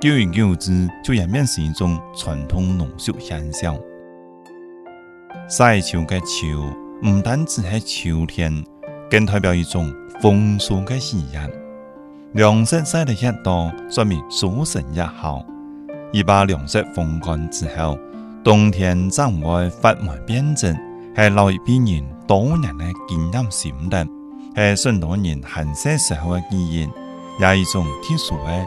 久而久之，就演變成一種傳統農俗現象。曬秋嘅秋，唔單止係秋天，更代表一種豐收嘅喜悦。糧食曬得越多，說明收成越好。而把糧食風乾之後，冬天再唔會發霉變質，係老一輩人多年嘅經驗心得，係許多人閒散時候嘅經驗，也有一種特殊嘅